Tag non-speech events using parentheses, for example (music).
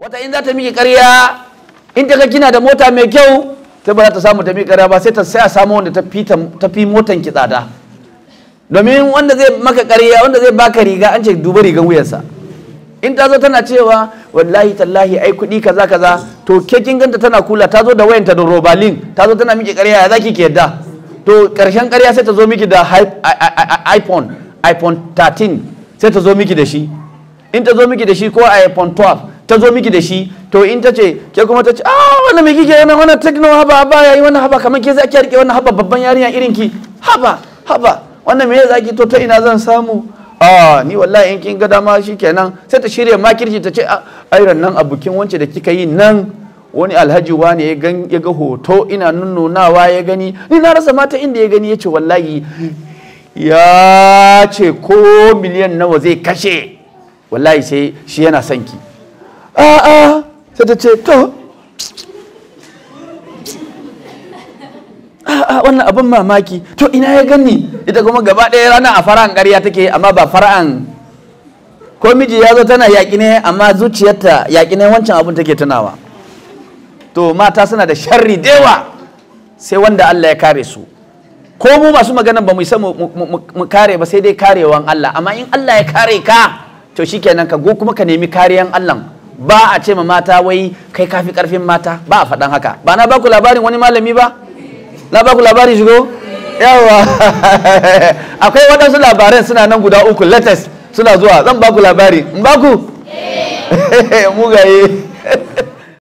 wata in za ta miƙe ƙarya in ta ga kina da mota mai kyau ta ba za ta samu ta miƙe ƙarya ba sai ta sai a samu wanda ta fi motan ki tsada domin wanda zai maka ƙarya wanda zai baka riga an ce duba rigan wuyansa in ta zo tana cewa wallahi tallahi ai kuɗi kaza kaza to ke kin ganta tana kula ta zo da wayanta da robalin ta zo tana miƙe ƙarya ya zaki ki yadda to ƙarshen ƙarya sai ta zo miki da iphone iphone 13 sai ta zo miki da shi in ta zo miki da shi ko iphone 12 ta zo miki da shi to in ta ce ke kuma ta ce a ah, wannan me kike yana wannan tekno haba baya yi wannan haba kamar ke za ki rike wannan haba babban yarinya irin ki haba haba wannan me za ki to ta ina zan samu a ah, ni wallahi in kin ga dama shikenan sai ta shirya makirci ta ce ah, ai nan abokin wance da kika yi nan wani alhaji wani ne ya ga hoto ina nunnunawa ya gani ni na rasa mata inda ya gani ya ce wallahi ya ce ko miliyan nawa zai kashe wallahi sai shi yana son ki a'a sai ta ce to a'a wannan abin mamaki to ina ya gani ita kuma gaba ɗaya rana a fara'an ƙarya take amma ba fara'an ko miji ya zo tana yaƙi ne amma zuciyarta yaƙi ne wancan abin take tunawa to mata suna da sharri dewa sai wanda Allah ya kare su ko mu masu magana ba mu isa mu kare ba sai dai karewan Allah amma in Allah ya kare ka to shikenan ka go kuma ka nemi kariyan Allah ba a ce ma mata wai kai kafi karfin mata ba a faɗan haka ba na baku labarin wani malami ba na baku labarin shigo yawa (laughs) akwai waɗansu labaran suna nan guda uku latest suna zuwa zan baku labari in baku (laughs) mugaye (laughs)